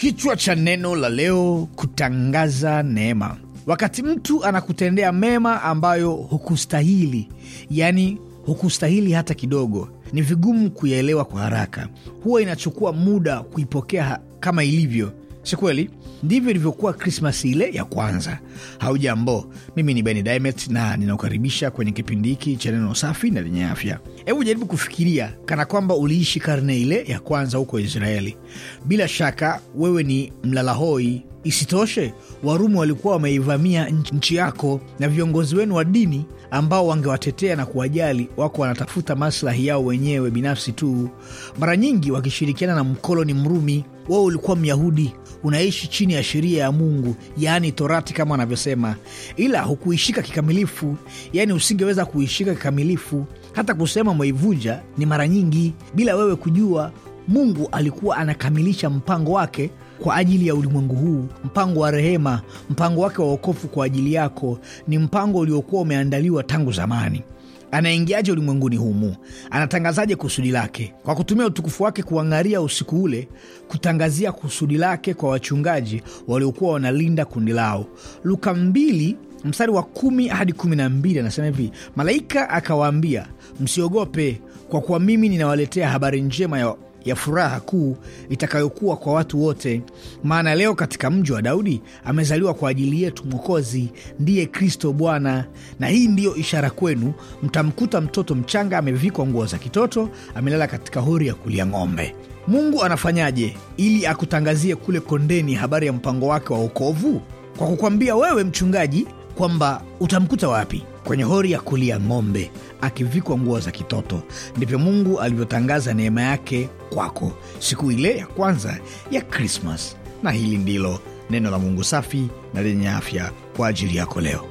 Kichwa cha neno la leo: kutangaza neema. Wakati mtu anakutendea mema ambayo hukustahili, yaani hukustahili hata kidogo, ni vigumu kuyaelewa kwa haraka. Huwa inachukua muda kuipokea kama ilivyo, si kweli? Ndivyo ilivyokuwa Krismasi ile ya kwanza. Haujambo, mimi ni Beni Dimet na ninakukaribisha kwenye kipindi hiki cha neno safi na lenye afya. Hebu jaribu kufikiria kana kwamba uliishi karne ile ya kwanza huko Israeli. Bila shaka wewe ni mlalahoi Isitoshe, Warumi walikuwa wameivamia nchi yako, na viongozi wenu wa dini ambao wangewatetea na kuwajali wako wanatafuta maslahi yao wenyewe binafsi tu, mara nyingi wakishirikiana na mkoloni Mrumi. Wewe ulikuwa Myahudi, unaishi chini ya sheria ya Mungu, yaani Torati kama wanavyosema, ila hukuishika kikamilifu. Yaani usingeweza kuishika kikamilifu. Hata kusema mwaivunja ni mara nyingi bila wewe kujua. Mungu alikuwa anakamilisha mpango wake kwa ajili ya ulimwengu huu, mpango wa rehema, mpango wake wa wokovu kwa ajili yako ni mpango uliokuwa umeandaliwa tangu zamani. Anaingiaje ulimwenguni humu? Anatangazaje kusudi lake? Kwa kutumia utukufu wake kuang'aria usiku ule, kutangazia kusudi lake kwa wachungaji waliokuwa wanalinda kundi lao. Luka mbili mstari wa kumi hadi kumi na mbili anasema hivi: malaika akawaambia, msiogope, kwa kuwa mimi ninawaletea habari njema ya ya furaha kuu itakayokuwa kwa watu wote, maana leo katika mji wa Daudi amezaliwa kwa ajili yetu Mwokozi, ndiye Kristo Bwana. Na hii ndiyo ishara kwenu, mtamkuta mtoto mchanga amevikwa nguo za kitoto, amelala katika hori ya kulia ng'ombe. Mungu anafanyaje ili akutangazie kule kondeni habari ya mpango wake wa wokovu? Kwa kukwambia wewe mchungaji kwamba utamkuta wapi? Kwenye hori ya kulia ng'ombe akivikwa nguo za kitoto. Ndivyo Mungu alivyotangaza neema yake kwako siku ile ya kwanza ya Krismas. Na hili ndilo neno la Mungu safi na lenye afya kwa ajili yako leo.